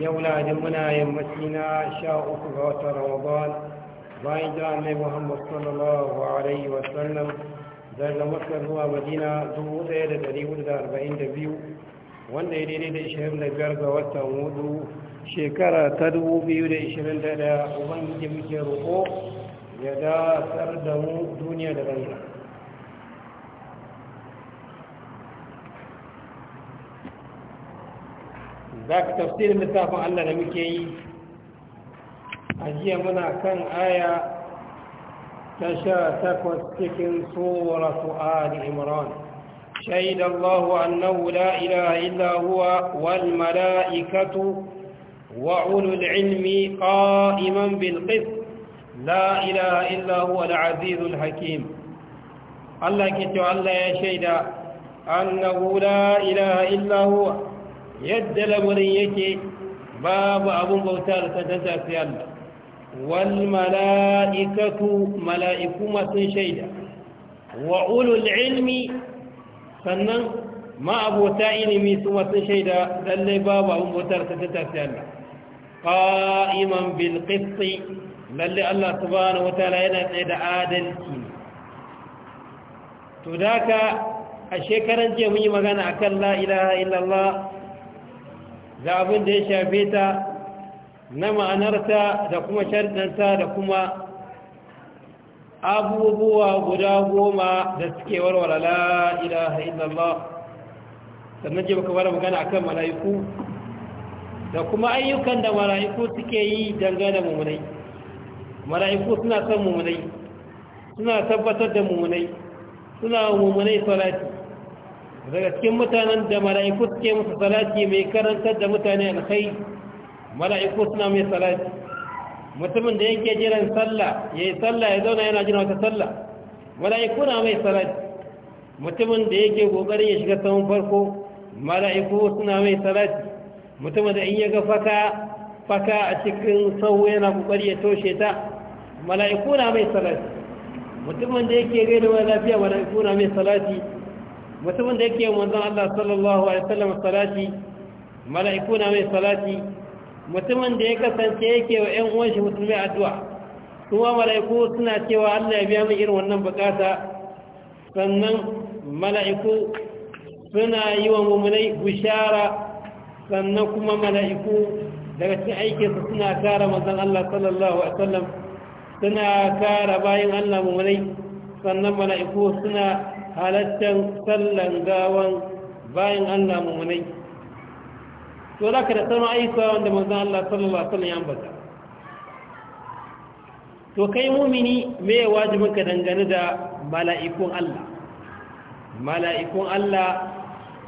yau ladin muna yammaci masina sha uku ga watan ramadan bayan jiran mai muhammad sallallahu alaihi wasallam daga masar zuwa madina biyu, wanda ya daidai da 25 ga watan hudu shekara ta dubu biyu da da ishirin 2021 ubangiji muke roƙo ya dasar da mu duniya da rana za ka tafsirin littafin Allah da muke yi a jiya muna kan aya ta sha takwas cikin tsoratu ali imran shaida Allah annahu ilaha illa huwa wal mala'ikatu wa ulul ilmi qa'iman bil la ilaha illa huwa al azizul hakim Allah ke cewa Allah ya shaida annahu la ilaha illa huwa yadda lamarin yake babu abun bauta da tantanta sai Allah wal mala'ikatu mala'iku masu shaida wa ulul ilmi sannan ma abota ilimi su masu shaida lallai babu abun bauta da tantanta sai Allah qa'iman bil qisti lallai Allah subhanahu wataala yana tsaye da adalci to ka a shekaran jiya mun yi magana akan la ilaha illallah da abin da ya shafe ta na ma'anarta da kuma sharɗanta da kuma abubuwa guda goma da suke warware la'ilaha illallah sannan ce baka wara magana akan mala'iku da kuma ayyukan da mala'iku suke yi dangane mummunai mala'iku suna son mummunai suna tabbatar da mummunai suna mummunai salati daga cikin mutanen da mala'iku suke musu salati mai karantar da mutane alkhai mala'iku suna mai salati mutumin da yake jiran sallah ya yi sallah ya zauna yana jiran wata sallah mala'iku na mai salati mutumin da yake kokarin ya shiga saman farko mala'iku suna mai salati mutumin da in ya ga faka faka a cikin sau yana kokari ya toshe ta mala'iku na mai salati mutumin da yake gaida wani lafiya mala'iku na mai salati mutumin da yake manzon Allah sallallahu alaihi wasallam salati mala'iku na mai salati mutumin da ya kasance yake wa ƴan uwan shi musulmi addu'a kuma mala'iku suna cewa Allah ya biya min irin wannan bukata sannan mala'iku suna yi wa mummunai bishara sannan kuma mala'iku daga cikin aikinsu suna kara manzan Allah sallallahu Alaihi wasallam suna kara bayan Allah mummunai sannan mala'iku suna halattan sallan gawan bayan Allah mummunai to za ka da sama aikuwa wanda manzan Allah sallallahu Alaihi ya ambata to kai mumini mai ka dangane da mala'ikun Allah mala'ikun Allah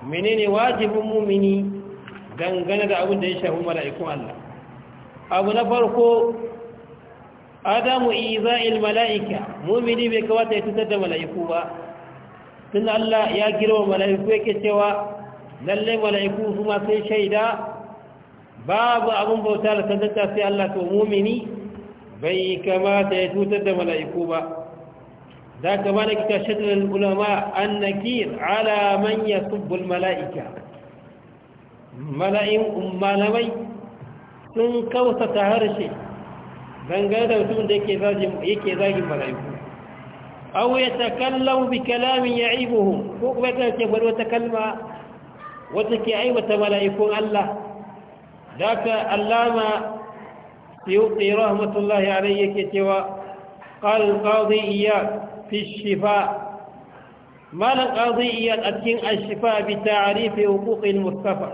menene wajibin mumini dangane da abin da ya shafi mala'ikun Allah abu na farko adamu iza'il mala'ika mumini bai kawata ya tutar da mala'iku ba tun Allah ya girma mala'iku yake cewa lallai mala'iku kuma sai shaida babu abin bauta da tantanta sai Allah to mumini bai kamata ya tutar da mala'iku ba za ka ba da kika shaɗin ulama an ala man ya subbul mala'ika mala'in malamai sun kawsa ta harshe dangane da mutum da yake zagin mala'iku aw yatakallamu bikalamin ya'ibuhum ko kuma ta ce bari wata kalma wata ke aibata mala'ikun Allah daga allama yuqi rahmatullahi alayhi yake cewa qal qadi iya fi shifa malan qadi iya atkin ashifa bi ta'rif huquq al mustafa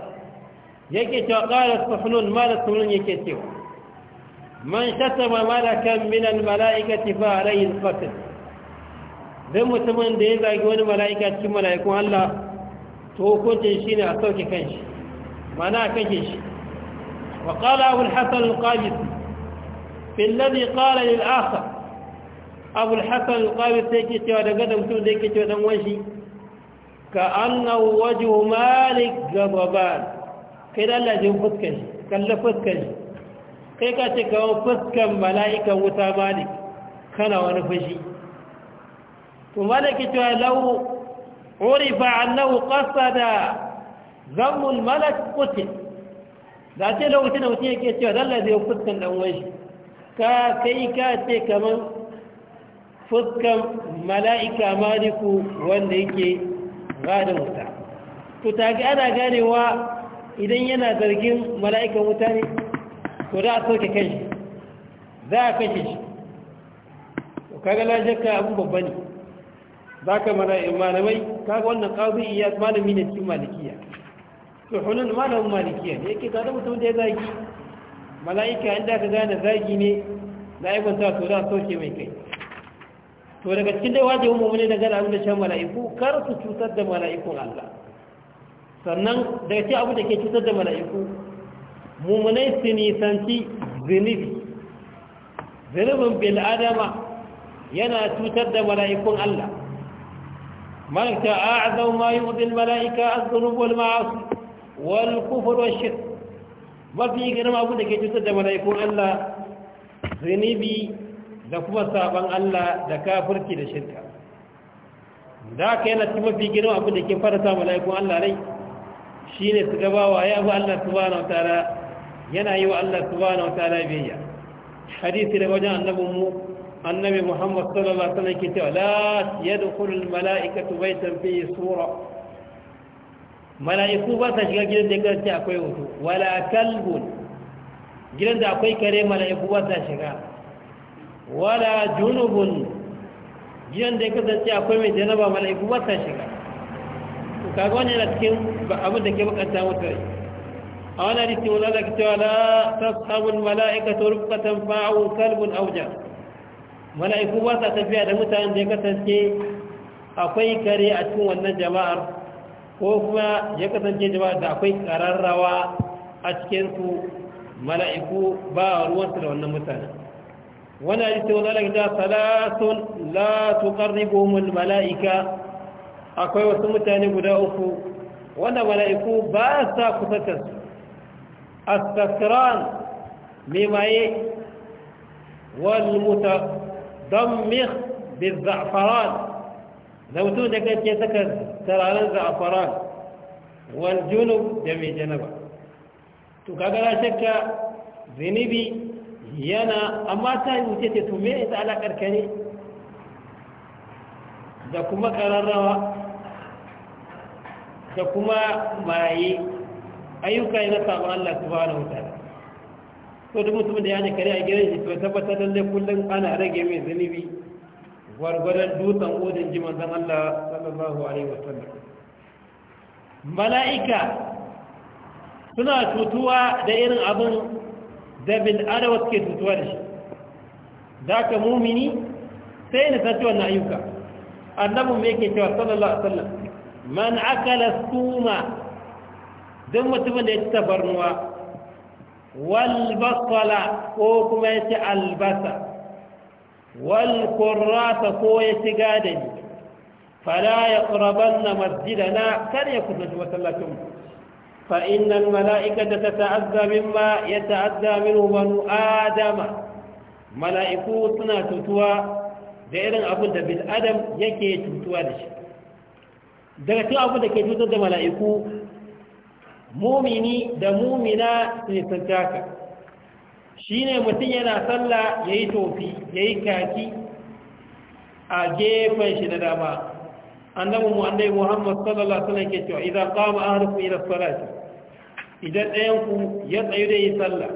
yake cewa qala sahnun mala sahnun yake cewa man shatama malakan min al mala'ikati fa alayhi al qatl don mutumin da ya zagi wani mala'ika cikin mala'ikun Allah to hukuncin shi ne a sauke kanshi mana a kake shi wa ƙala abu hassan al-qabis fillazi ƙala lil'asa abu hassan al-qabis sai ke cewa daga da mutum da yake cewa dan wanshi ka annahu wajhu malik gababan kai da Allah jin fuskar shi kalla fuskar shi kai ka ce kawo fuskan mala'ikan wuta malik kana wani fushi to malaki cewa lau urifa annahu qasada zammul malak qutil da ce lokacin da mutum yake cewa Allah zai fuskan dan wani ka kai ka ce kaman fuskan mala'ika maliku wanda yake gadin wuta Ta tage ana ganewa idan yana zargin mala'ikan wuta ne to da a soke kai shi za a kashe shi kaga na shakka abin babba ne za ka mana malamai kaga wannan ƙarfi iya malami ne cikin malikiya to hunan malamin malikiya ne yake tare mutum da ya zagi mala'ika inda ka gane zagi ne na ta to za soke mai kai to daga cikin dai wajewar mummuni da gada abin da shan mala'iku kar su cutar da mala'ikun Allah sannan daga cikin abu da ke cutar da mala'iku mummunai su nisanci zunubi zunubin bil'adama yana cutar da mala'ikun Allah ملكت أعظم ما يؤذي الملائكة الظنوب والمعاصي والكفر والشر ما في كلام أبو لك يجسد ملائكة الله ذنبي ذكوة صعبا الله ذكافر كي لشركة da kaina ci mafi girma abin da ke fara sa mala'ikun Allah rai shine su gaba wa ya ba Allah subhanahu wataala yana yi wa Allah subhanahu wataala biyya hadisi da wajen annabin mu annabi muhammad sallallahu alaihi wasallam ke cewa la al mala'ikatu baytan fi sura mala'iku ba ta shiga gidan da ya ce akwai wuto wala kalbun gidan da akwai kare mala'iku ba ta shiga wala junubun gidan da ya kasance akwai mai janaba mala'iku ba ta shiga to kaga wani da cikin abu da ke bukata mutu a wani rikin wani ala ki cewa la tasabun mala'ikatu rufkatan fa'u kalbun auja mala'iku ba sa tafiya da mutanen da ya kasance akwai kare a cikin wannan jama'ar ko kuma ya kasance jama'ar da akwai kararrawa a cikinsu mala'iku ba a ruwansu da wannan mutane wani hadisi wani alaƙa salatun la gomul mala'ika akwai wasu mutane guda uku wanda mala'iku ba sa kusantar su as mai maye wal dammir bizza'faran da mutum da kake saka turaren da mai janaba to kaga yana amma da kuma ƙararrawa da kuma maye ayyuka na samun Allah subhanahu ko duk mutumin da ya hana kare a gidan shi to tabbatar lallai kullum ana rage mai zunubi gwargwadon dutsen odin ji manzon Allah sallallahu alaihi wasallam mala'ika suna tutuwa da irin abin da bil adawa suke tutuwa da shi zaka mumini sai ne sace wannan ayyuka annabi mai yake cewa sallallahu alaihi wasallam man akala suma duk mutumin da ya ci tabarnuwa walbasala ko kuma ya ci albasa walkurrata ko ya ci gadani fala ya ƙuraban na na, kar ya kusanci masallacin fa'inan da ta ta'azza mimma ya ta'azza min wani adama mala'iku suna tutuwa da irin abin da bil'adam yake tutuwa da shi daga cin abin da ke tutar da mala'iku mumini da mumina sai sun taka shine mutum yana sallah yayi tofi yayi kaki a gefen shi da dama annabi mu annabi Muhammad sallallahu alaihi wasallam ke cewa idan kama an ahlukum ila salati idan ɗayan ku ya tsayu da yi sallah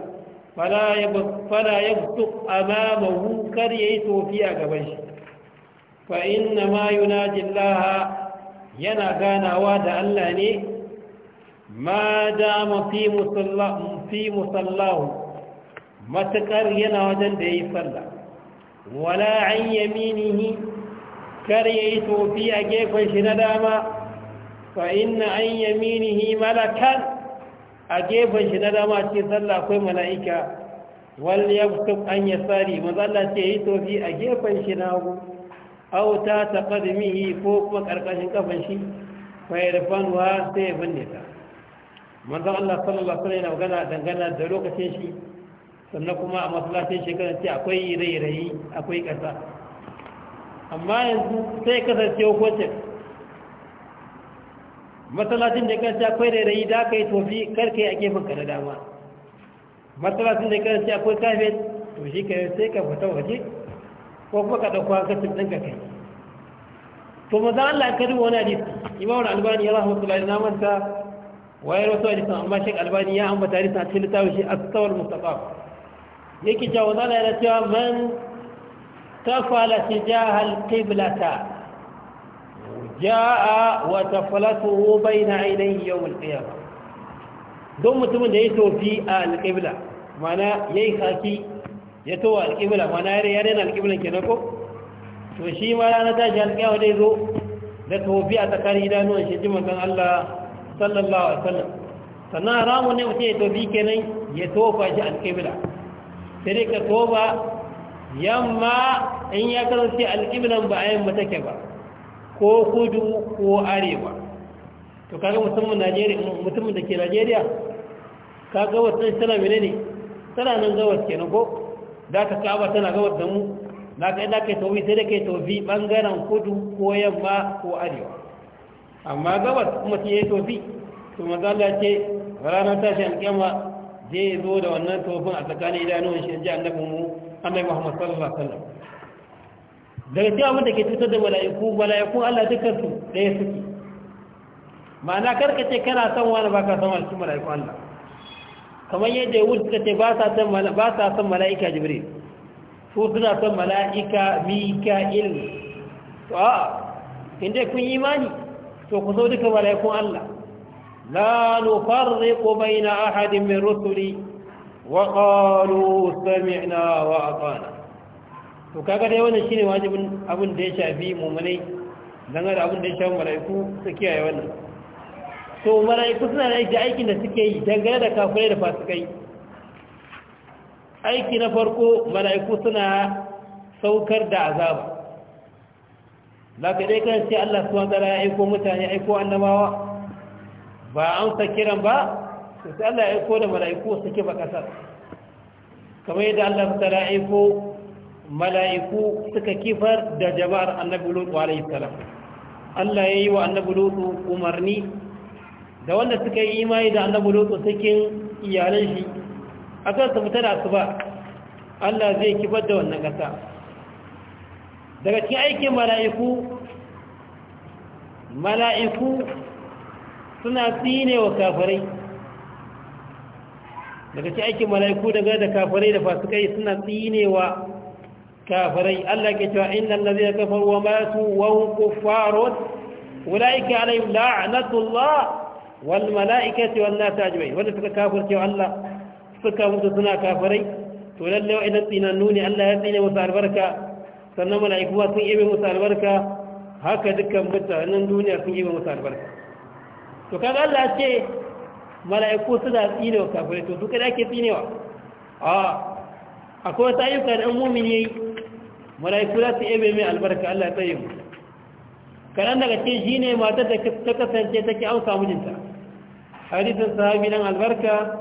fala ya fala yabtu amamahu kar yayi tofi a gaban shi fa inna ma na Allah yana ganawa da Allah ne ma dama fi musallahu matuƙar yana wajen da ya yi sallah wala an yaminihi kar ya yi tofi a gefen shi na dama fa inna an yaminihi malakan a gefen shi na dama ce sallah akwai mala'ika wal yabtuk an ya tsari mazalla ce ya yi tofi a gefen shi na hagu au ta taqadmihi ko kuma ƙarƙashin kafan shi fa yarfanu ha sai binne ta manzon Allah sallallahu alaihi wasallam magana dangana da lokacin shi sannan kuma a masallacin shekara ce akwai rairayi akwai ƙasa amma yanzu sai kasance hukuncin masallacin da kasance akwai rairayi da aka yi tofi karka yi a gefen ka na dama masallacin da kasance akwai kafe to shi ka sai ka fita waje ko kuma ka ɗauko hankacin ɗin ka kai to maza Allah ya duba wani hadisi imamul albani ya rahmatullahi na manta wayar wasu hadisin amma shek albani ya ambata hadisin a cikin littafin shi astawar mustafa yake cewa wanda yana cewa man tafala tijahal qiblata ja'a wa tafalatuhu bayna ainihi yawm al-qiyamah don mutumin da ya tofi a al mana ya yi kaki ya towa al-qibla mana ya rena al-qiblan kenan ko to shi ma ranar tashi alƙiyawa qiyamah dai zo da tofi a tsakanin idanuwan shi jiman Allah sallallahu alaihi wasallam sannan haramun ne mutum ya tofi kenan ya tofa shi alƙibla sai dai ka tofa yamma in ya kasance alƙiblan ba a yamma take ba ko kudu ko arewa to kaga mutumin Najeriya mutumin da ke Najeriya kaga wasu tana mene ne tana nan gawas kenan ko da ka kaba tana gawas da mu na kai da ka yi tobi sai da ka yi tobi ɓangaren kudu ko yamma ko arewa amma gabas shi ya yi tofi to mazala ce ranar tashi alƙyama zai zo da wannan tofin a tsakanin idanuwan shi ji annabi mu annabi muhammad sallallahu alaihi wasallam daga cewa mun da ke cutar da mala'iku mala'iku allah da ɗaya suke ma'ana karkace kana son wani baka ka wani alkin mala'iku allah kamar yadda wuce suka ce ba sa son mala'ika jibril su suna son mala'ika mika'il to a inda kun yi imani to ku zo duka malaikun Allah la nufarriqu baina ahadin min rusuli wa qalu sami'na wa ata'na to kaga dai wannan shine wajibin abin da ya shafi mu'minai dan ga abin da ya shafi malaiku su kiyaye wannan to malaiku suna da aikin da suke yi dangane da kafirai da fasikai aiki na farko malaiku suna saukar da azaba ba ka dai kan sai Allah suwan tsara ya aiko mutane aiko annabawa ba an sa kiran ba sai Allah ya aiko da mala'iku suke ba kasar kamar yadda Allah ta ya aiko mala'iku suka kifar da jama'ar annabi lutu alayhi salam Allah ya yi wa annabi lutu umarni da wanda suka yi imani da annabi lutu cikin iyalan shi akan su fita da su ba Allah zai kifar da wannan kasa daga cikin aikin mala'iku mala'iku suna tsine wa kafirai daga cikin aikin mala'iku daga da kafirai da fasikai suna tsine wa kafirai Allah ke cewa innal ladhina kafaru wa matu wa hum kuffarun ulaika alaihim la'natullah wal mala'ikati wan nas ajma'in wanda suka cewa Allah suka mutu suna kafirai to lalle wa'ina tsinannu ne Allah ya tsine musu albarka sannan mala'ikuwa sun yi musu albarka haka dukkan mutanen duniya sun yi musu albarka to kaga Allah ce mala'iku suna tsine wa kafirai to duka da ake tsinewa a akwai wata ayyuka da mumin yayi mala'iku za su ebe mai albarka Allah ya tsaye mu kanan daga ce ne matar da ta kasance take amsa mijinta hadisin sahabi dan albarka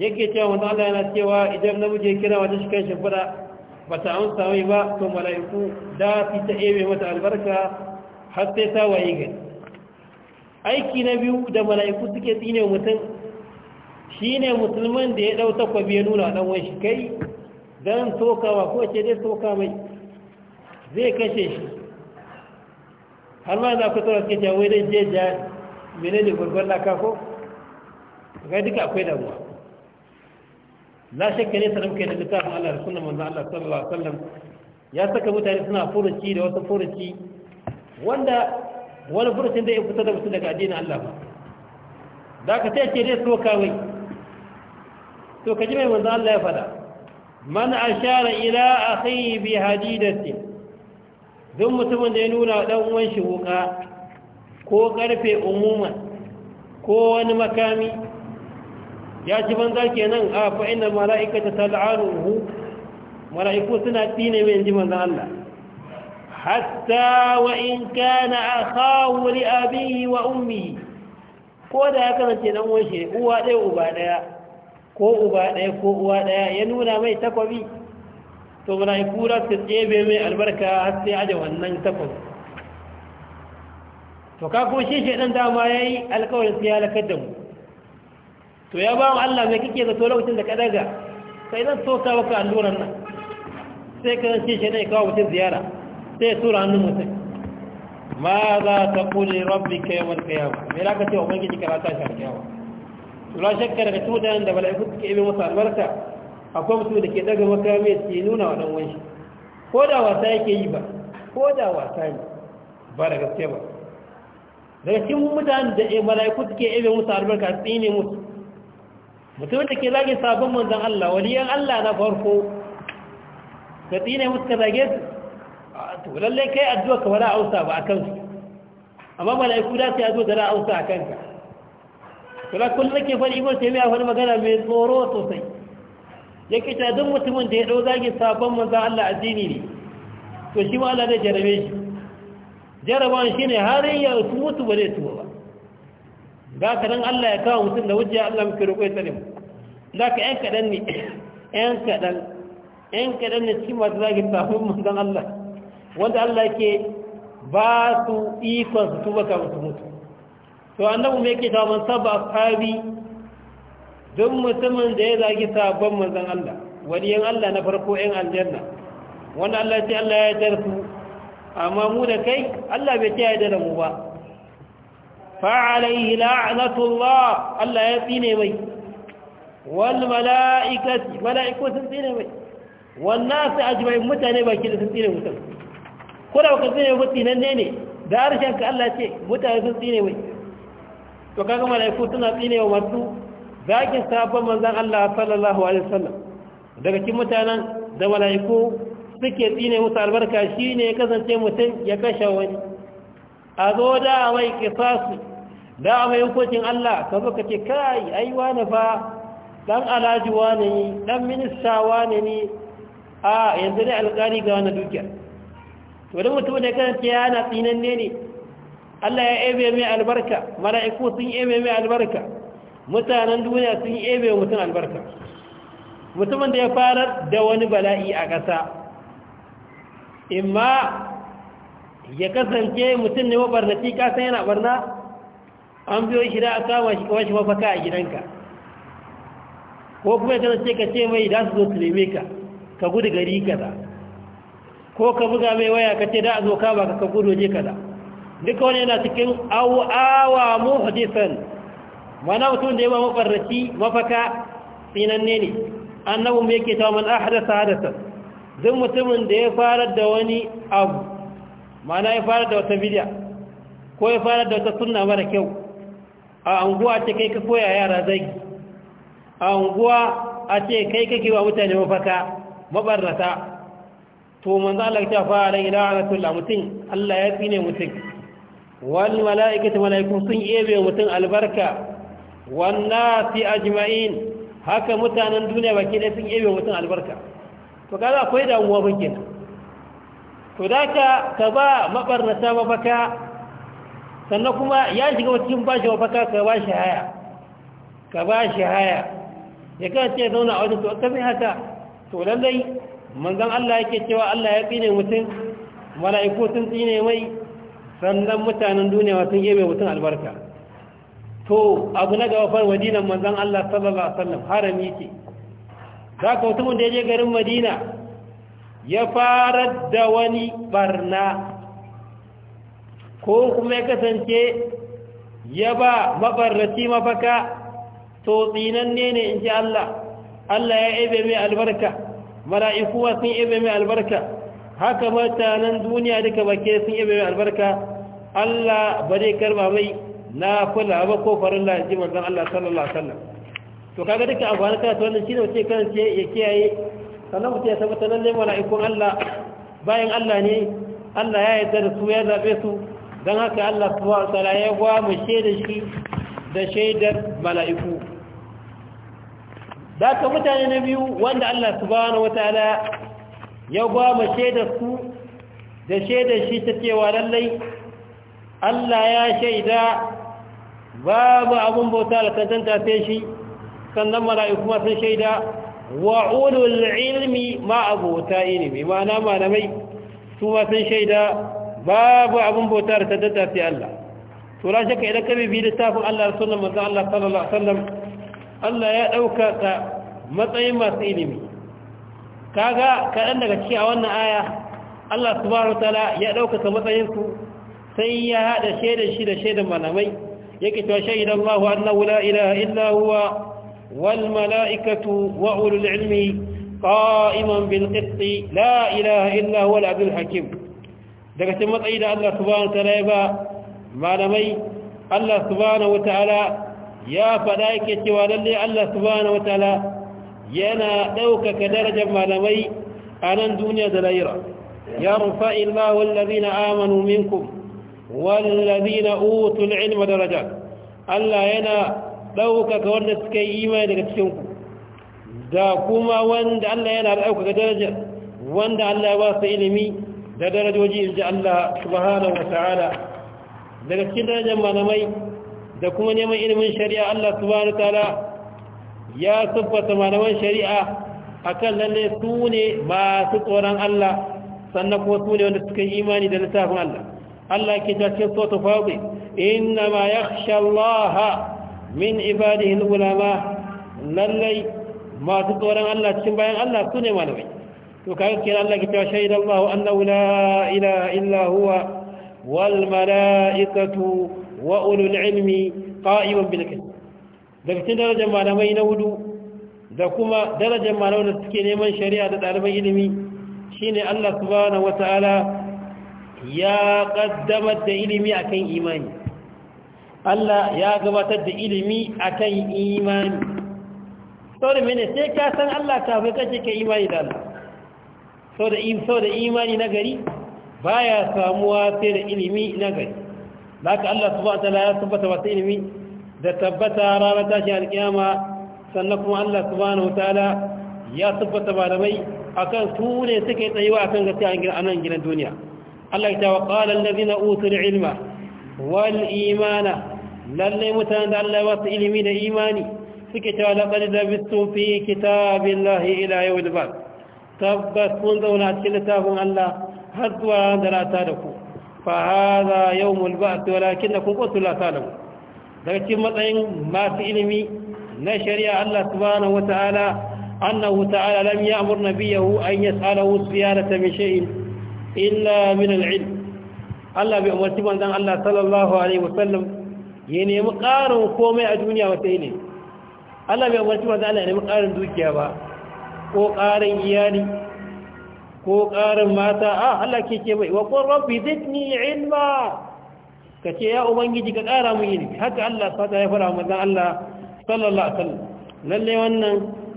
yake cewa wanda Allah yana cewa idan namiji ya kira wata shi kan shimfiɗa ba ta an sami ba to mala'iku da fi ta ebe mata albarka har sai ta waye gari aiki na biyu da mala'iku suke tsine mutum shi ne musulman da ya ɗau takwabi ya nuna ɗan wani shi kai don sokawa ko ce dai toka mai zai kashe shi har ma za ku tsara suke jawai dai jeja mene ne gwargwar laka ko ga duka akwai damuwa la shakka ne sanar kai da littafin Allah da sunan manzon Allah sallallahu alaihi wasallam ya saka mutane suna furuci da wasu furuci wanda wani furucin da ya fita da mutum daga addinin Allah ba da ka tace dai so kawai to ka ji mai manzon Allah ya fada man ashara ila akhi bi hadidati duk mutumin da ya nuna dan uwan shi wuka ko karfe umuman ko wani makami ya ci banza kenan a mala'ika ta mala'ikata hu mala'iku suna tsine mai ji manzan Allah hatta wa in kana kawuri a abihi wa ummi ko da ya kana ce nan shi uwa ɗaya uba ɗaya ko uba ɗaya ko uwa ɗaya ya nuna mai takwabi to mala'iku za su tsebe mai albarka har sai aje wannan takwab to ka ko shi shi ɗan dama ya yi, sai ya lakar da mu to ya ba mu Allah mai kake zato lokacin da ka daga sai zan so ka maka alluran nan sai ka ce shi ne kawo mutum ziyara sai ya tura hannun mutum ma za ta kuli rabbi wal yawon me mai ka ce wa ubangiji ka rata shi alkyawa to la shakka daga tudan da mala'iku suke ibe masa albarka akwai mutum da ke daga makami su nuna wa dan wanshi ko da wasa yake yi ba ko da wasa ne ba da gaske ba daga cikin mutanen da mala'iku suke ibe musu albarka tsine musu mutumin da ke zage sabon manzan Allah waliyan Allah na farko ka tsine musu ka zage su to lallai kai addu'a ka wala ausa ba a kansu amma mala'iku da su ya zo da la ausa a kanka kula kullum ke fari ibn a wani magana mai tsoro sosai ke ta duk mutumin da ya ɗau zage sabon manzan Allah addini ne to shi ma Allah zai jarabe shi jarabawan ne har ya mutu ba zai tuwa ba ga ka nan Allah ya kawo mutum da wujiya Allah mafi roƙo ya tsare mu za ka ‘yan kaɗan ne ‘yan kaɗan ‘yan kaɗan ne cikin masu zagi tafin manzan Allah wanda Allah ke ba su ikon su tuba ka musu mutu to annabu mai ke taman saba sabi don mutumin da ya zagi sabon manzan Allah wani yan Allah na farko yan aljanna wanda Allah ce Allah ya dar su amma mu da kai Allah bai ce ya da mu ba fa'alaihi la'anatullah Allah ya tsine mai wal mala'ikati mala'iku sun tsine mai wannan su ajmai mutane baki da sun tsine mutum ko da baka tsine mai nan ne ne da harshen ka Allah ce mutane sun tsine mai to kaga mala'iku suna tsine wa masu zakin sabon manzan Allah sallallahu alaihi wasallam daga cikin mutanen da mala'iku suke tsine musu albarka shine ya kasance mutum ya kashe wani a zo da wai kisasu da mai hukuncin Allah ka zo ka ce kai ai wani fa dan alhaji wane ne dan minista wane ne a yanzu dai alƙari ga wani dukiya to da mutum da kanta yana tsinanne ne Allah ya ebe mai albarka mala'iku sun ebe mai albarka mutanen duniya sun ebe mutum albarka mutumin da ya fara da wani bala'i a ƙasa imma ya kasance mutum ne mabarnati kasan yana barna an biyo shi da a kama shi mafaka a gidanka ko kuma kana ce ka ce mai da su zo su neme ka ka gudu gari kaza ko ka buga mai waya ka ce da a zo ka ba ka gudu je kaza duka wani yana cikin awa mu muhdisan mana mutum da yawa mafarraci mafaka tsinanne ne annabin mu ke ta man ahadasa hadasa duk mutumin da ya fara da wani abu mana ya fara da wata bidiya ko ya fara da wata sunna mara kyau a anguwa ce kai ka koya yara zagi a unguwa a ce kai kake wa mutane mafaka mabarrata to manzo Allah ta fara ila anatul mutum Allah ya tsine mutum wal malaikatu malaikun sun yebe mutum albarka wan nasi ajma'in haka mutanen duniya baki da sun yebe mutum albarka to kaza akwai da damuwa bakin to daka ka ba mabarrata mafaka sannan kuma ya shiga cikin bashi mafaka ka ba shi haya ka ba shi haya ya kace ce zauna a wajen tuwa kafin haka to lallai manzan Allah yake cewa Allah ya tsine mutum mala'iku sun tsine mai sannan mutanen duniya sun yi mai mutum albarka to abu na gaba far madinan manzan Allah sallallahu alaihi wasallam harami ce za ka mutumin da ya je garin madina ya farar da wani barna ko kuma ya kasance ya ba mabarraci mafaka to tsinanne ne in ji Allah Allah ya ebe mai albarka mala'ikuwa sun ebe mai albarka haka mutanen duniya duka bake sun ebe mai albarka Allah ba zai karba mai na kula ba ko farin ji manzon Allah sallallahu alaihi wasallam to kaga duka amfani kana to wannan shine wace kan ce ya kiyaye sannan mutum ya tabbata nan ne mala'ikun Allah bayan Allah ne Allah ya yarda da su ya zabe su don haka Allah subhanahu wa ya gwa mu shaida shi da shaidar mala'iku da ka mutane na biyu wanda Allah subhanahu wataala ya gwama shaidar su da shaidar shi ta cewa lallai Allah ya shaida babu abun bauta da tantanta sai shi sannan mala'iku kuma sun shaida wa ulul ilmi ma abota ilimi ma'ana malamai su ma sun shaida babu abun bauta da tantanta sai Allah to la shakka idan ka bi littafin Allah da sunan manzon Allah sallallahu alaihi wasallam Allah ya ɗauka ka matsayin masu ilimi kaga kaɗan daga ciki a wannan aya Allah subhanahu ta'ala ya ɗauka ka matsayinsu sai ya haɗa shaidan shi da shaidan malamai yake cewa shaidan Allahu annahu la ilaha illa huwa wal mala'ikatu wa ulul ilmi qa'iman bil qisti la ilaha illa huwa al abdul hakim daga cikin matsayi da Allah subhanahu ta'ala ya ba malamai Allah subhanahu ta'ala ya faɗa yake cewa lalle Allah subhanahu wataala yana ɗaukaka darajar malamai a nan duniya da laira ya rufa illahu allazina amanu minkum wallazina utul ilma daraja Allah yana ɗaukaka wanda suka yi imani daga cikin ku da kuma wanda Allah yana ɗaukaka darajar wanda Allah ya ba su ilimi da darajoji inji Allah subhanahu wataala daga cikin darajar malamai da kuma neman ilimin shari'a Allah subhanahu ta'ala ya tabbata malaman shari'a akan lalle su ne masu tsoron Allah sannan kuma su ne wanda suka yi imani da littafin Allah Allah ke ta cikin sota fadi inna ma yakhsha Allah min ibadihi ulama lalle masu tsoron Allah cikin bayan Allah su ne malamai to kaga kenan Allah ke ta shaida annahu la ilaha illa huwa wal mala'ikatu wa ulul ilmi qa'iman bil kalam daga cikin darajar malamai na hudu da kuma darajar malamai da suke neman shari'a da ɗaliban ilimi shine Allah subhanahu wataala ya kaddamar da ilimi akan imani Allah ya gabatar da ilimi akan imani da mene sai ka san Allah kafin kace ka imani da Allah sau da imani na gari baya samuwa sai da ilimi na gari haka Allah subhanahu wataala ya tabbata masu ilimi da tabbata ranar tashi alkiyama sannan kuma Allah subhanahu wataala ya tabbata malamai akan su ne suke tsayuwa akan gaske a nan gidan duniya Allah ya tawa qala allazina utul ilma wal imana lalle mutanen da Allah ya wasu ilimi da imani suke cewa da labistu fi kitabillahi ila yawmil ba'th tabbas kun zauna cikin littafin Allah har zuwa da rata da ku fahaza yau mulba'atu walakin da kun kwatula salamu daga cikin matsayin masu ilimi na shari'a Allah subhanahu wa ta'ala annahu ta'ala lam ya'mur nabiyahu an yas'alahu siyarata min shay'in illa min al-'ilm Allah bi umarti manzon Allah sallallahu alaihi wa sallam ya nemi karin komai a duniya wata ne Allah bi umarti manzon Allah ya nemi karin dukiya ba ko karin iyali ko ƙarin mata a ah, Allah ke bai waƙon rabbi zidni ilma ka ce ya ubangiji ka ƙara mu ilmi haka Allah fata ya fara mazan Allah sallallahu alaihi lallai wannan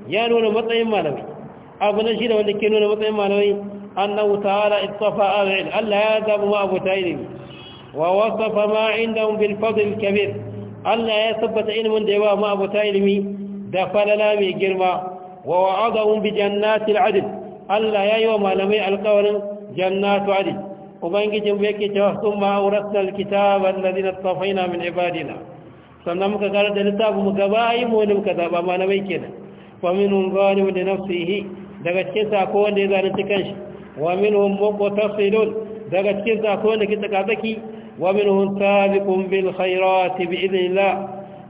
ya nuna matsayin malamai abu na shida wanda ke nuna matsayin malamai annahu ta'ala al Allah ya zabu ma wa wasafa ma indahum bil fadl kabir Allah ya sabbata ilmin da ya ba ma abu ilmi da falala mai girma wa wa'adahum bi jannatil adl Allah ya yi wa malamai alkawarin jannatu adi ubangijin bai ke cewa sun ma'aurattar alkitaban da zina tafaina min ibadina sannan muka gara da littafin mu gaba yi mun wani muka zaɓa malamai kenan wa min hun gani wanda nafsihi daga cikin sako wanda ya zalunci kanshi wa min hun mako tafsirun daga cikin sako wanda ke tsakatsaki wa min hun sabiqun bil khairati bi idnillah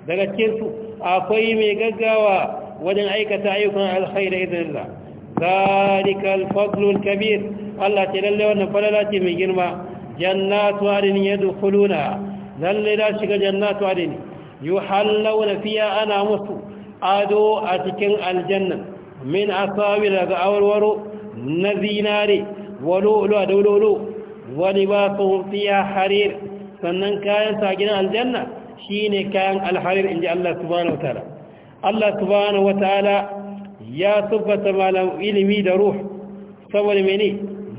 daga cikin su akwai mai gaggawa wajen aikata ayyukan alkhairi idnillah zalikal fadlul kabir Allah ce lalle wannan falala ce mai girma jannatu adin yadkhuluna lalle da shiga jannatu adin yuhallawna fiha ana musu ado a cikin aljanna min asawi daga awarwaro na zinare walulu da walulu wani ba su fiya harir sannan kayan sa gidan aljanna shine kayan alharir inji Allah subhanahu wataala Allah subhanahu ya siffata malam ilimi da ruh saboda mene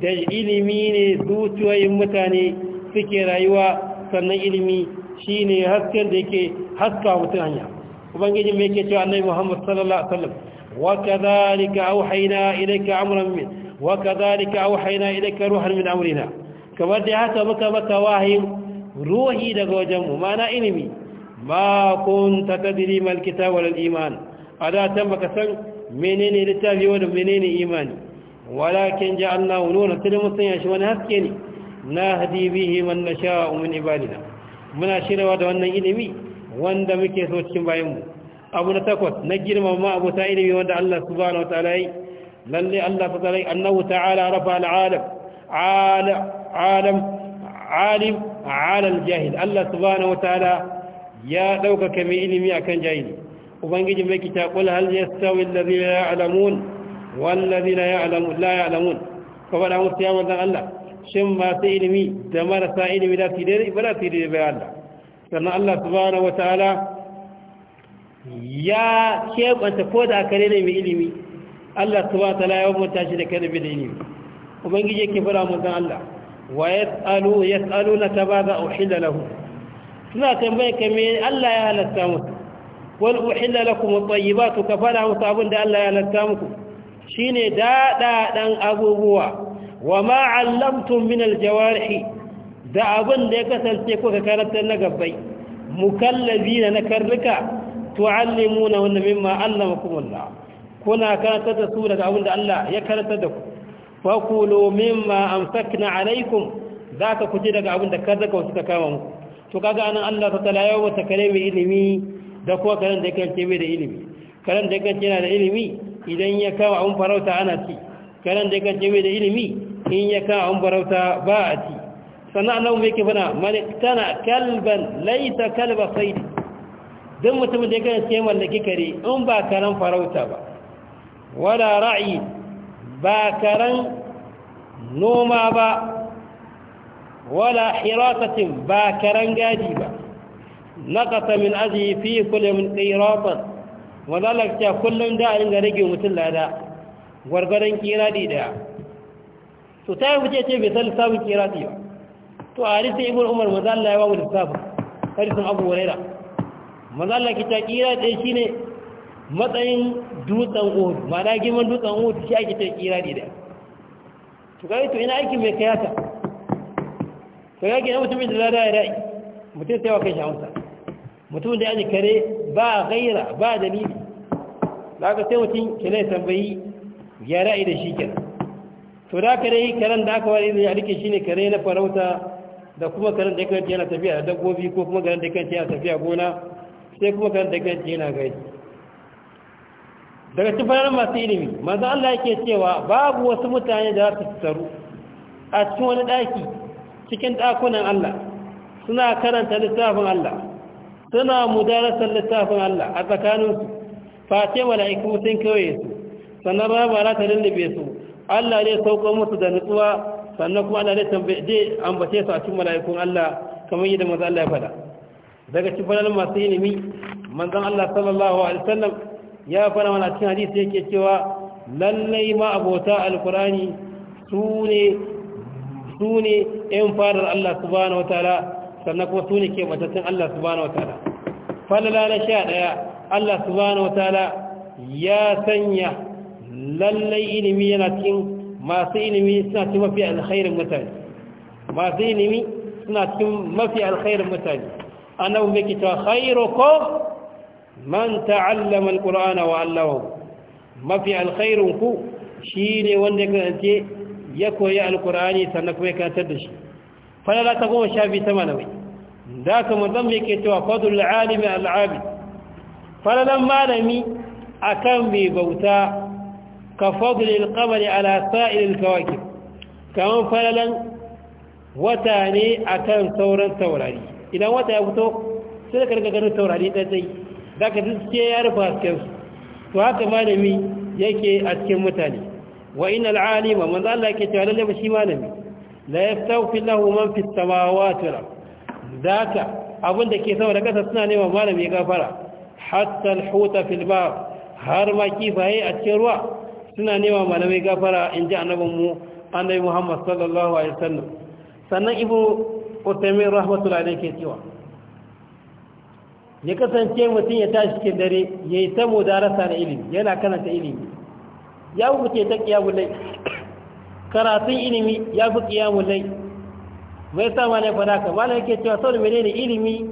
da ilimi ne zuciyoyin mutane suke rayuwa sannan ilimi shine hasken da yake haska mutum hanya ubangiji mai yake cewa annabi muhammad sallallahu alaihi ka wa kadhalika auhayna ilayka amran min wa kadhalika auhayna ilayka ruhar min amurina kamar da ya haka muka maka wahayin ruhi daga wajenmu mana ilimi ma kunta tadri mal kitab wal iman da can baka san menene littafi wanda menene imani walakin ja'alnahu nuran sai mun sanya shi wani haske ne nahdi bihi man nasha'u min ibadina muna shirawa da wannan ilimi wanda muke so cikin bayanmu abu na takwas na girmama abota ilimi wanda Allah su subhanahu wataala yi lalle Allah fadalai annahu ta'ala rafa al'alam alam alim ala al-jahil Allah su subhanahu wataala ya dauka mai ilimi akan jahili ubangiji mai kita kula hal ya stawi allazi la ya'lamun wallazi la ya'lamun la ya'lamun ka faɗa musu ya manzan Allah shin masu ilimi da marasa ilimi da su daidai ba da su daidai bayan Allah sannan Allah su ba subhanahu wataala ya keɓanta ko da aka ne mai ilimi Allah su ba ta wataala ya mutunta shi da kalbi da ilimi ubangiji yake faɗa manzan Allah wa ya na yas'alu yas'aluna kaza uhilla lahu suna tambaye ka me Allah ya halatta musu wal uhilla lakum at-tayyibatu kafara musabun da Allah ya lanta muku shine dada dan abubuwa wa ma 'allamtum min al da abin da ya kasance kuka karantar na gabbai mukallabina na karnuka tu'allimuna wannan mimma allamakum Allah kuna karantar da su daga abin da Allah ya karantar da ku fa kulu mimma amsakna alaikum zaka kuje daga abin da wasu ta kama muku to kaga anan Allah ta tala yawa ta kare ilimi da kuwa karen da kan bai da ilimi karen da kan yana da ilimi idan ya kawo abun farauta ana ci karen da kan bai da ilimi in ya kawo abun farauta ba a ci sannan annabi yake fana mani? tana kalban laita kalba saidi Don mutum da kan ce mallaki kare in ba karen farauta ba Wada ra'i ba karen noma ba wala hiraqatin ba karen gadi ba نقص من أجي في كل من قيراطا وذلك kullum da an إن رجي مثل lada غرغرن قيرادي دا to ta yi wuce ce bai san lissafin kirati ba to a sai, ibn umar maza Allah ya wawo lissafin harisun abu wuraira maza Allah ki ta kira ɗaya shi matsayin dutsen uhud ma'ana girman dutsen uhud shi ake ta kira ɗaya to kai to ina aiki mai kayata to ya ke na mutumin da lada ya da'i mutum sai wa kai shi hamsa mutum da ya kare ba gaira ba dalili da aka sai mutum ya tambayi ya ra'ayi da shi kenan to da kare yi karen da aka wani ya rike ne kare na farauta da kuma karen da kanta yana tafiya da dabbobi ko kuma karen da kanta yana tafiya gona sai kuma karen da kanta yana gai daga tufarar masu ilimi manzo Allah yake cewa babu wasu mutane da za su tsaro a cikin wani daki cikin dakunan Allah suna karanta littafin Allah suna mudarasar littafin Allah a tsakaninsu face mala'iku sun kawai su sannan rama za ta lullube su Allah ne sauƙon musu da nutsuwa sannan kuma Allah zai ambace su a cikin mala'ikun Allah kamar yadda maza Allah ya faɗa daga cikin fadalan masu ilimi manzan Allah sallallahu alaihi Sallam ya fara mana cikin hadisi yake cewa lallai ma abota alqurani sune sune 'yan fadar Allah subhanahu ta’ala’ sannan kuma su ne ke matattun Allah subhanahu wa ta'ala falala na sha ɗaya Allah subhanahu wa ta'ala ya sanya lallai ilimi yana cikin masu ilimi suna cikin mafi alkhairin mutane masu ilimi suna cikin mafi alkhairin mutane annabi mai kita khairukum man ta'allama alqur'ana wa 'allamahu mafi alkhairun ku shine wanda ya kasance ya koyi alqur'ani sannan kuma ya karantar da shi falala ta goma sha biyu ta malamai da ka manzon mai ke cewa fadul alimi al'abi falalan malami a kan mai bauta ka fadul alqamari ala sa'il alkawakib kaman falalan wata ne a kan sauran taurari idan wata ya fito sai ka riga ganin taurari ɗaya tsaye za ka duske ya rufe su. to haka malami yake a cikin mutane wa ina al'alima manzo Allah yake cewa lallai ba shi malami la yastaghfir lahu man fis samawati zaka abinda ke sama da kasa suna neman malami gafara hatta huta har ma kifaye a cikin ruwa suna neman malamai gafara in ji annabinmu annabi muhammad sallallahu alaihi sallam. sannan ibu utaimin rahmatul alaihi ke cewa ya kasance mutum ya tashi cikin dare ya yi ta mudarasa na ilimi yana kananta ilimi ya wuce ta kiyabu karatun ilimi ya fi kiyamun lai bai sa malai fada ka malai yake cewa sau da menene ilimi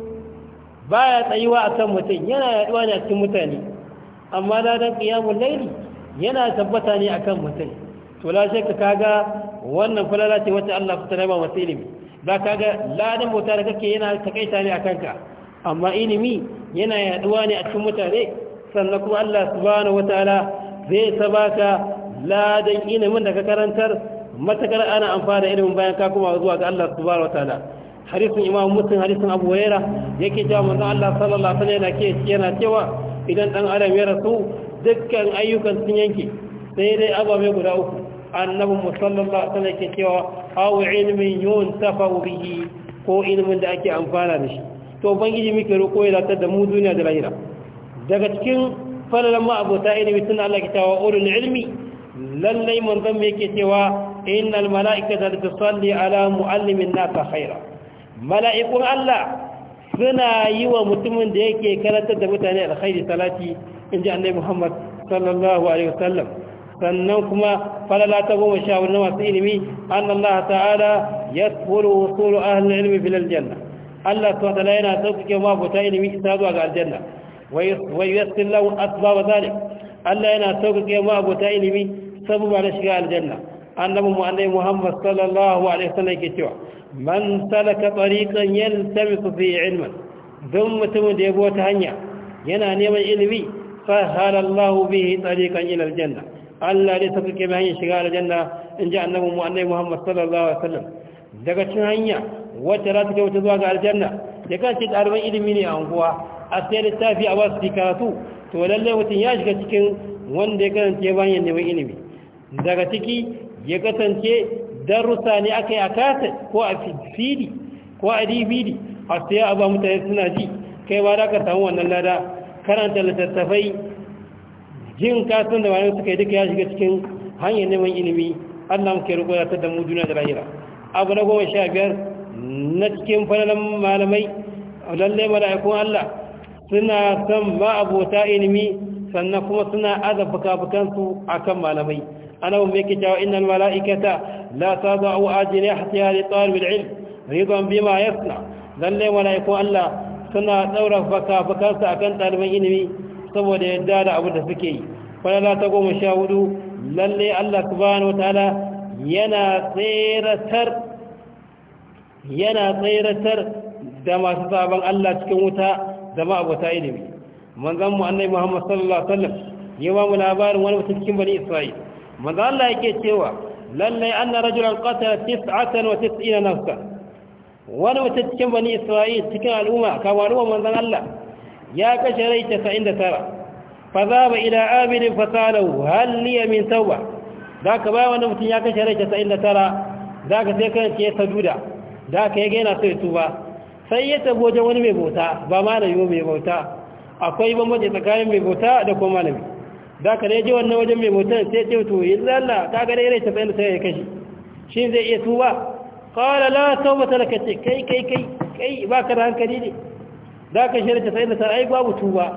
baya tsayuwa a kan mutum yana yaduwa ne a cikin mutane amma ladan kiyamun laili yana tabbata ne a kan mutum to la shakka kaga wannan falala ce wacce Allah ta raba masa ilimi ba ka ga ladan bauta da kake yana takaita ne a kanka amma ilimi yana yaduwa ne a cikin mutane sannan kuma Allah subhanahu wataala zai sabaka ladan ilimin da ka karantar matakar ana amfana ilimin bayan ka kuma zuwa ga Allah subhanahu wataala hadisin imamu muslim hadisin abu waira yake cewa manzo Allah sallallahu alaihi wasallam yana cewa idan dan adam ya rasu dukkan ayyukan sun yanke sai dai ababe guda uku annabi musallallahu alaihi wasallam yake cewa aw ilmin yuntafa bihi ko ilmin da ake amfana da shi to ubangiji muke roƙo ya latar da mu duniya da lahira daga cikin falalan ma abota ilimi tun Allah ke cewa ulul ilmi lallai manzon me yake cewa innal mala'ikata tusalli ala muallimin nasa khaira mala'ikun Allah suna yi wa mutumin da yake karantar da mutane alkhairi salati inji annabi Muhammad sallallahu alaihi wasallam sannan kuma falala ta goma sha wani masu ilimi an Allah ta'ala ya tsoro tsoro ahalin ilimi bilal janna Allah ta ta'ala yana sauƙaƙe ma bauta ilimi isa zuwa ga aljanna wai yaskin lahu asbaba zalik Allah yana sauƙaƙe ma bauta ilimi sabuwa na shiga aljanna annabi mu annabi muhammad sallallahu alaihi wasallam yake cewa man salaka tariqan yaltamisu fi ilman duk mutumin da ya bi hanya yana neman ilimi sahala Allahu bihi tariqan ila aljanna Allah ne sauke mai hanyar shiga aljanna in ji annabi mu annabi muhammad sallallahu alaihi wasallam daga cin hanya wacce za ta kai wata zuwa ga aljanna da kan ce ɗarban ilimi ne a unguwa a sai littafi a wasu karatu to lallai mutum ya shiga cikin wanda ya karanta ya bayan neman ilimi daga ciki ya kasance darussa ne aka yi a kasa ko a cd ko a dvd a siya ba mutane suna ji kai ba da ka samu wannan lada karanta littattafai jin kasan da bayan suka yi duka ya shiga cikin hanyar neman ilimi allah muke rukwata da mu juna da lahira abu na goma sha biyar na cikin fananan malamai lalle mala'ikun allah suna son ma abota ilimi sannan kuma suna azabaka bukansu akan malamai أنا أمك إن الملائكة لا تضع أجنحتها لطالب العلم رضا بما يصنع ذل ملائكة ألا سنة دورة فكا فكاسة أكن طالب إنمي سوى ليدار أبو دفكي فلا لا تقوم الشاهد للي الله سبحانه وتعالى ينا طيرة yana tsayaratar da masu sabon Allah cikin wuta da ma'abuta ilimi manzan mu annai Muhammad sallallahu alaihi wasallam ya ba mu labarin wani mutum cikin bani Isra'il manzo Allah yake cewa lallai anna rajulan qatala 99 nafsa wani wata cikin bani Isra'il cikin al'umma kamar al'umma manzon Allah ya kashe rai 99 fa zaba ila fa fasalahu hal li min tauba zaka ba wani mutum ya kashe rai 99 zaka sai kan ce sajuda zaka yage yana sai tuba sai ya tabo wajen wani mai bauta ba malami mai bauta akwai bambanci tsakanin mai bauta da kuma malami da ka da je wannan wajen mai motar sai ce to yanzu Allah ka ga dai rai ta tsaye sai ya kashi shi zai iya tuba qala la tawbata laka ce kai kai kai kai ba ka da hankali ne da ka shi ta tsaye sai ai babu tuba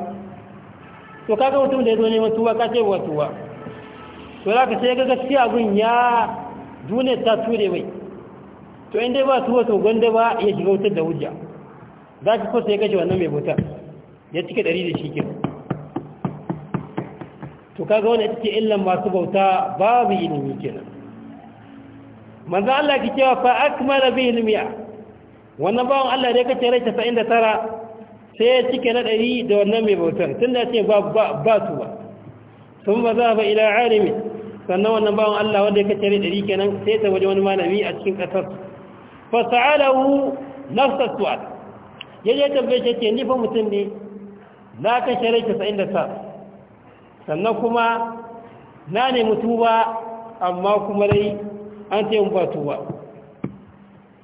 to ga mutum da ya zo neman tuba ka ce ba tuba to za ka sai ga gaskiya gun ya duniya ta ture mai to in dai ba tuba to gwanda ba ya shiga wutar da hujja za ki ko sai kashe wannan mai motar? ya cike ɗari da shi kenan kaga wani ita ce illan masu bauta babu ilimi kenan manzo Allah ki cewa fa akmala bi ilmiya wannan bawon Allah da kace rai 99 sai ya cike na 100 da wannan mai bautar tunda ce ba ba su ba sun ba za ba ila alimi sannan wannan bawon Allah wanda kace rai 100 kenan sai ta waje wani malami a cikin kasar fa sa'alahu nafsa su'al yaje tambaye ce ni fa mutum ne na kace rai 99 sannan kuma na nemi tuba amma kuma dai an ce ba tuba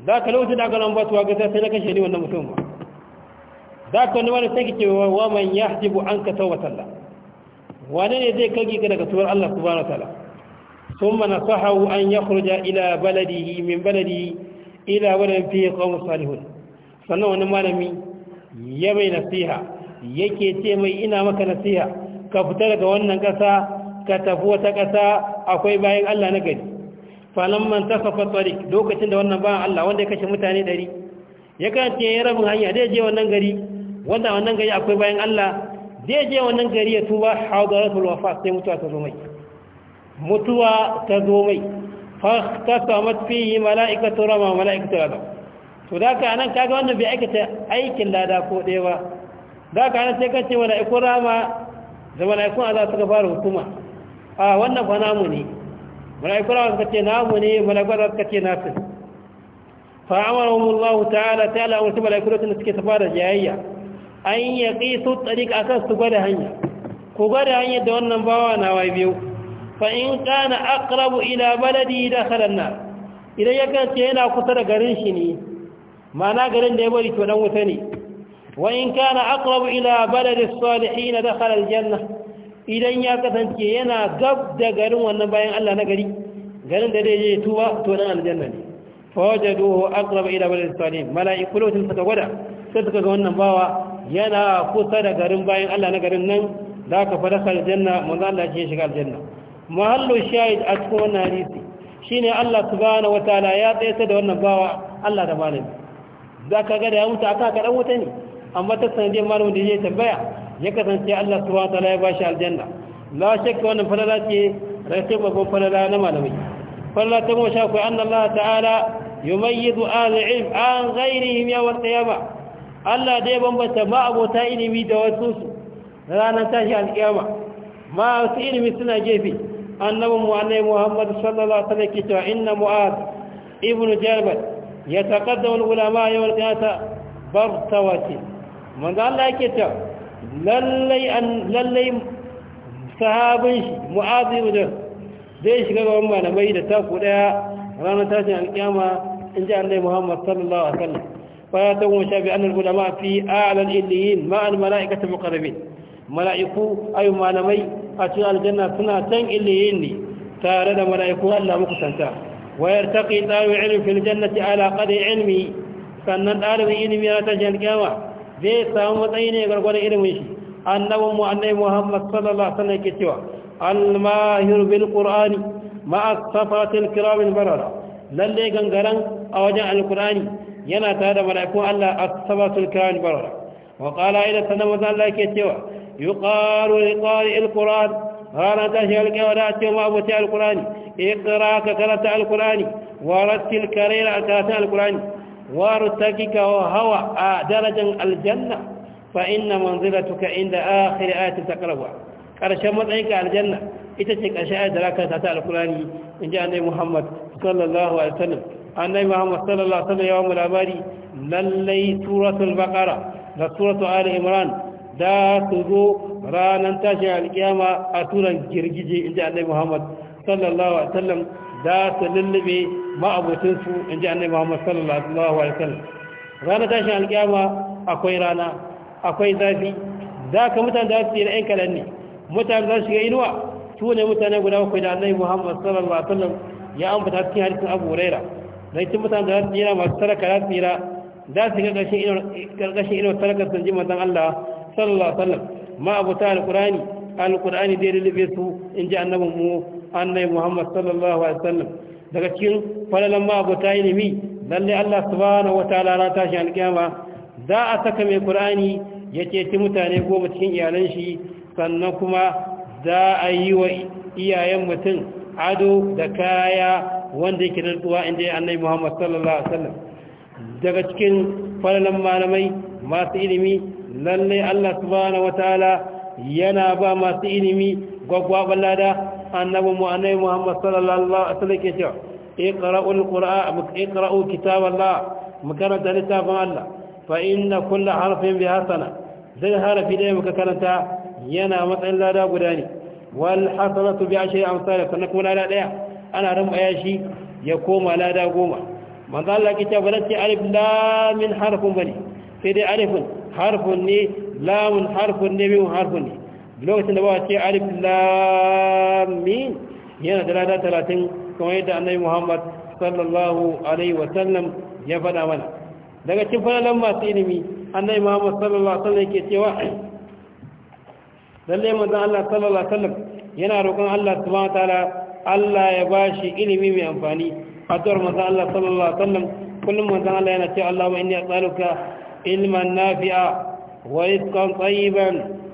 za ka lokacin da nan ba tuba gasa sai na kashe ni wannan mutum ba za ka wani wani sai ke wa man ya hajibu an ka tauba talla Wani ne zai kage ka daga tuwar Allah subhanahu wa ta'ala ثم نصحه أن يخرج إلى بلده من ila إلى ولد فيه قوم salihun sannan wani malami ya mai nasiha yake ce mai ina maka nasiha ka fita daga wannan ƙasa ka tafi wata ƙasa akwai bayan Allah na gari falamman tasafa tsari lokacin da wannan bayan Allah wanda ya kashe mutane ɗari ya kace ya rabin hanya zai je wannan gari wanda wannan gari akwai bayan Allah zai je wannan gari ya tuba hadaratul wafa sai mutuwa ta zo mai mutuwa ta zo mai fa tasamat fihi mala'ikatu rama mala'ikatu rama to da ka nan kaga wannan bai aikata aikin lada ko ɗaya ba da ka nan sai kace wala rama. Zama na mala'ikun Allah suka fara hukuma a wannan fa namu ne mala'ikun Allah suka ce namu ne mala'ikun Allah suka ce nasu fa amarahum Allah ta'ala ta'ala wa mala'ikun da suke fara jayayya an yaqisu tariq akan su gwada hanya ku gwada hanya da wannan bawa na wai biyu fa in kana aqrabu ila baladi dakhala an idan ya kace yana kusa da garin shi ne ma'ana garin da ya bari to dan wuta ne وإن كان أقرب إلى بلد الصالحين دخل الجنة idan ya kasance yana gab da garin wannan bayan Allah na gari garin da zai je tuba to nan aljanna ne fa wajadu aqrab ila balad salim mala'iku lutun suka gwada sai suka wannan bawa yana kusa da garin bayan Allah na garin nan da ka fara sal janna manzo Allah ya shiga aljanna mahallu shahid a cikin wannan hadisi shine Allah subhanahu wataala ya tsaya da wannan bawa Allah da malami zaka ga da ya mutu aka ka dan wuta ne amma ta sanadiyar malamin da zai tambaya ya kasance Allah subhanahu wataala ya bashi aljanna la shakka wannan falala ce rashin babban falala na malamai falala ta goma sha kuwa an Allah ta'ala yumayyizu ahli ilm an ghairihim yawm al-qiyama Allah dai bambanta ma abota ilimi da wasu su ranar tashi al-qiyama ma wasu ilimi suna gefe annabi mu annabi Muhammad sallallahu alaihi wasallam ke cewa inna mu'az ibnu jabal yataqaddamu al-ulama yawm al-qiyamah bartawati manzo Allah yake ta lallai an lallai sahabin shi da zai shiga gaban malamai da taku daya ranar tashin alkiyama in ji annai muhammad sallallahu alaihi wasallam fara ya goma sha biyu annal ulama fi a'lal illiyin ma'al mala'ikatu muqarrabin mala'iku ayu malamai a cikin aljanna suna can illiyin ne tare da mala'iku Allah muku santa wa yartaqi tawi ilmi fil jannati ala qadri ilmi sannan dalibin ilmi ya tashin alkiyama zai samu matsayi ne gargwadon ilimin shi annabin mu annabi muhammad sallallahu alaihi wasallam ke cewa al-mahirbir almahir bil qur'ani ma'a safatil kiramil barara lalle gangaran a wajen al alqur'ani yana tare da mala'ikun Allah as-safatul kiramil barara wa qala ila sanama Allah ke cewa yuqalu li qari'il qur'an rana ta shi alƙawa da ce ma abu ta alƙulani ikira ka karanta al alƙulani wa rattil karera a karatun alƙulani وارتقك وهوى درجا الجنة فإن منزلتك عند آخر آية تقربها ƙarshen matsayinka aljanna ita ce ƙarshen ayat da za ka sata alkulani in ji muhammad sallallahu alaihi wasallam annai muhammad sallallahu alaihi wasallam ya wa labari lallai suratul baqara da suratul ali imran da su zo ranar tashin alkiyama a turan girgije Inji ji muhammad sallallahu alaihi wasallam Da su lullube ma'abutinsu in ji annai muhammad sallallahu alaihi wasallam ranar tashin alƙiyama akwai rana akwai zafi za ka mutane za su yi ra'ayin kalan ne mutane za su shiga inuwa su ne mutane guda bakwai da annai muhammad sallallahu alaihi wasallam ya ambata cikin hadisin abu huraira zai tun mutane za su yi masu saraka za su yi za su ga ƙarƙashin inuwar sarkar sun ji manzon allah sallallahu alaihi wasallam ma abuta alkurani alkur'ani da ya su in ji annabin mu annai muhammad sallallahu alaihi wasallam daga cikin falalan ma'abuta ilimi lalle allah subhanahu wataala ran tashin alkiyama za a saka mai qur'ani ya ceci mutane goma cikin iyalan shi sannan kuma za a yi wa iyayen mutum ado da kaya wanda yake rantsuwa inda ya annai muhammad sallallahu alaihi wasallam daga cikin falalan malamai masu ilimi lallai allah subhanahu wataala yana ba masu ilimi gwaggwaban lada annabi mu annabi muhammad sallallahu alaihi wasallam ke cewa iqra'ul qur'an iqra'u kitaballah makaranta littafin Allah fa inna kullu harfin bi hasana zai harafi da muka karanta yana matsayin lada guda ne wal hasanatu bi ashri amsalha sannan kuma lada daya ana rumaya yashi. ya koma lada goma manzo Allah ke cewa balati alif lam min harfun bane sai dai alifun harfun ne lamun harfun ne min harfun ne lokacin da ba ce alif lam yana da lada talatin kuma yadda annabi muhammad sallallahu alaihi wa sallam ya faɗa mana daga cikin fadalan masu ilimi annabi muhammad sallallahu alaihi wa sallam yake cewa lalle manzon Allah sallallahu alaihi wa sallam yana roƙon Allah subhanahu ta'ala Allah ya bashi ilimi mai amfani a addu'ar manzon Allah sallallahu alaihi wa sallam kullum manzon Allah yana cewa Allahumma inni as'aluka علما نافعا ورزقا طيبا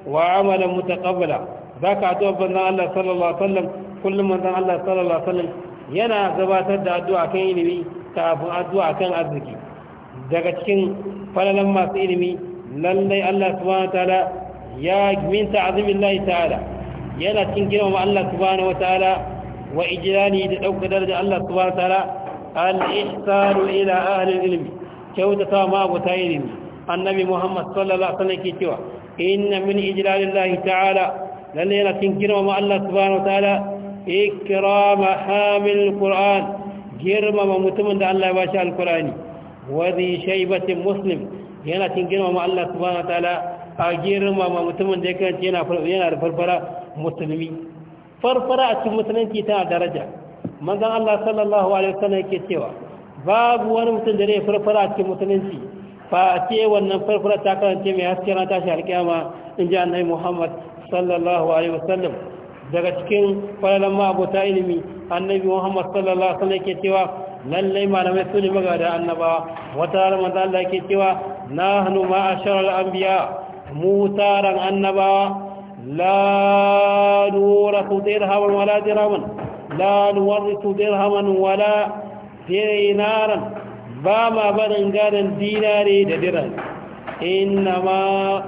وعملا متقبلا ذاك أدعو بنا الله صلى الله عليه وسلم كل من الله صلى الله عليه وسلم yana gabatar da addu'a kan ilimi kafin addu'a kan arziki daga cikin falalan masu ilimi lallai Allah subhanahu wataala ya min ta'azimin Allah ta'ala yana cikin girmama Allah subhanahu wataala wa ijlani da dauka daraja Allah subhanahu wataala al-ihsanu ila ahli ilmi kyautata ma abota ilimi annabi muhammad sallallahu alaihi wasallam ke cewa inna min ijlalillahi ta'ala lalle yana cikin girmama Allah subhanahu wa ta'ala ikrama hamil qur'an girma ma mutumin da Allah ya bashi alqur'ani wa dhi shaybatin muslim yana cikin girmama Allah subhanahu wa ta'ala a girma ma mutumin da ya yana yana da farfara musulmi farfara a cikin musulunci tana daraja manzon Allah sallallahu alaihi wasallam yake cewa babu wani mutum da ya farfara a cikin musulunci fa ce wannan farfara ta karance mai haske ran tashi alkiyama in ji annabi Muhammad sallallahu alaihi wasallam daga cikin falalan ma'abota ilimi annabi Muhammad sallallahu alaihi wasallam ke cewa lallai malamai su ne magada annabawa wata ranar manzo Allah ke cewa na nahnu ma'asharal anbiya mu taran annabawa da haman wala لا نورث درهما ولا درهما لا نورث درهما ولا دينارا ba ma barin gadon dinare da diran inna ma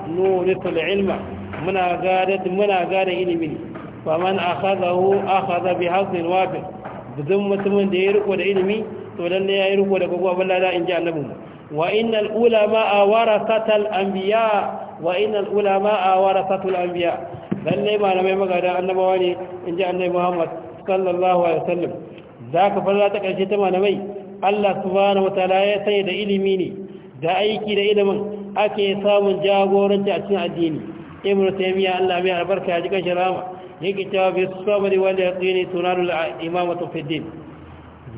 nurisul ilma muna gadon muna gadon ilimi ne fa man akhadahu akhadha bi hazin wafir dukkan mutumin da ya riko da ilimi to lalle ya riko da gogo abin lada in ji annabi wa innal ulama warasatul anbiya wa innal ulama warasatul anbiya lalle malamai magada annabawa ne in annabi Muhammad sallallahu alaihi wasallam zaka fara ta karshe ta malamai Allah subhanahu wataala ya sani da ilimi ne da aiki da ilimin ake samun jagoranci a cikin addini ibnu taymiya Allah mai albarka ya ji kan shirama yake cewa bi sabri wal yaqini tunarul imamatu fid din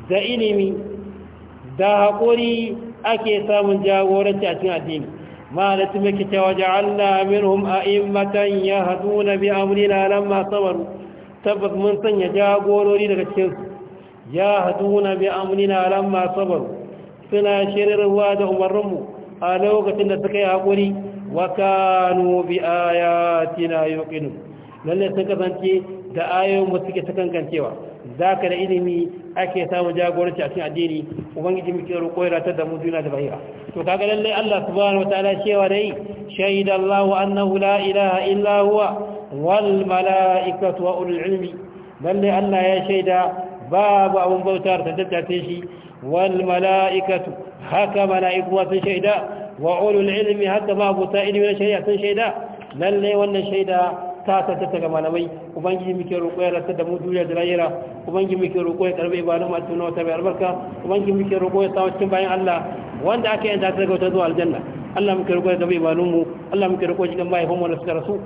da ilimi da hakuri ake samun jagoranci a cikin addini malatu ke cewa ja'alna minhum a'immatan yahduna bi amrina lamma sabaru tabbas mun sanya jagorori daga cikin su haduna bi amrina lamma sabaru suna shirirwa da umarninmu a lokacin da suka yi hakuri wa kanu bi ayatina yuqinu lalle sun kasance da suke mu suke takankancewa zaka da ilimi ake samu jagoranci a cikin addini ubangiji muke roƙo ya ratar da mu duniya da bahira to kaga lalle Allah subhanahu wataala cewa dai shahida Allahu annahu la ilaha illa huwa wal malaikatu wa ulul ilmi lalle Allah ya shaida babu abun bauta da tattace shi wal mala'ikatu haka mala'iku sun shaida wa ulul ilmi haka ma buta ilmi na shari'a sun shaida lalle wannan shaida ta tattata ga malamai ubangiji muke roƙo ya rasa da mu duniya da lahira ubangiji muke roƙo ya karbe ibadun ma tuna wata bai albarka ubangiji muke roƙo ya sawo cikin bayan Allah wanda aka yanta ta ga wata zuwa aljanna Allah muke roƙo ya karbe ibadun mu Allah muke roƙo cikin bayan mu da suka rasu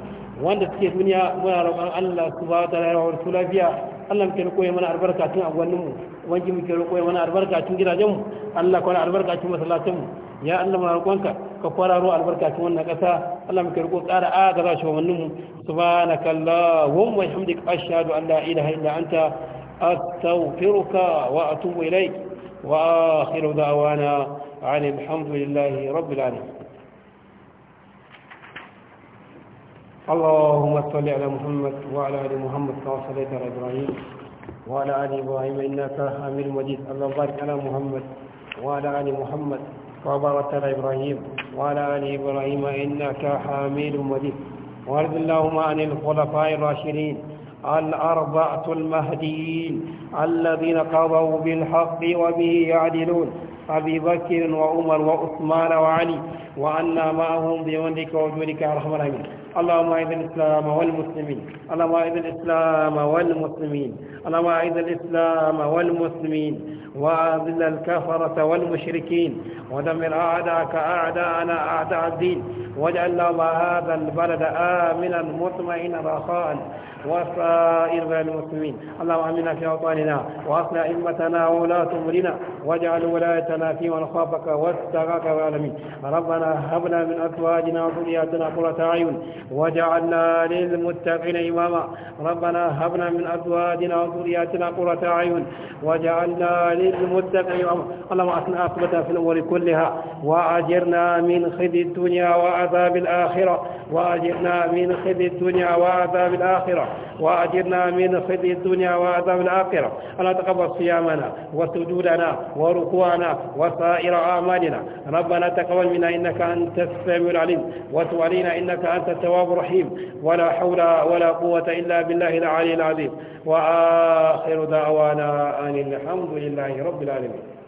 wanda suke duniya muna roƙon Allah subhanahu wa ta'ala ya rawar su lafiya Allah muke roƙo ya mana albarka tun agwannin mu wanki muke roƙo ya mana albarka tun gidajen mu Allah kwana albarka tun masallacin mu ya Allah muna roƙonka ka kwararo albarka tun wannan ƙasa Allah muke roƙo ƙara a ga za shugabannin mu subhanakallahumma wa bihamdika ashhadu an la ilaha illa anta astaghfiruka wa atubu ilaik wa akhiru da'wana alhamdulillahi rabbil alamin اللهم صل على محمد وعلى ال محمد كما صليت على ابراهيم وعلى ال ابراهيم انك حميد مجيد اللهم بارك على محمد وعلى ال محمد كما باركت على ابراهيم وعلى ال ابراهيم انك حميد مجيد وارض اللهم عن الخلفاء الراشدين الأربعة المهديين الذين قضوا بالحق وبه يعدلون أبي بكر وعمر وعثمان وعلي وعنا معهم بمنك وجودك يا رحمن اللهم أعز الإسلام والمسلمين اللهم أعز الإسلام والمسلمين اللهم أعز الإسلام والمسلمين وأذل الكفرة والمشركين ودمر أعداءك أعداءنا أعداء الدين واجعل اللهم هذا البلد آمنا مطمئنا رخاء وسائر المسلمين اللهم امنا في اوطاننا واصلح ائمتنا وولاة امرنا واجعل ولايتنا في من خافك واتقاك العالمين ربنا هب لنا من ازواجنا وذرياتنا قرة اعين وجعلنا للمتقين إماما ربنا هبنا من أزواجنا وذرياتنا قرة أعين وجعلنا للمتقين إماما اللهم أثنى عاقبتنا في الأمور كلها وأجرنا من خزي الدنيا وعذاب الآخرة وأجرنا من خزي الدنيا وعذاب الآخرة وأجرنا من خزي الدنيا وعذاب الآخرة ألا تقبل صيامنا وسجودنا وركوعنا وسائر أعمالنا ربنا تقبل منا إنك أنت السميع العليم وتولينا إنك أنت التواب التواب الرحيم ولا حول ولا قوة إلا بالله العلي العظيم وآخر دعوانا أن الحمد لله رب العالمين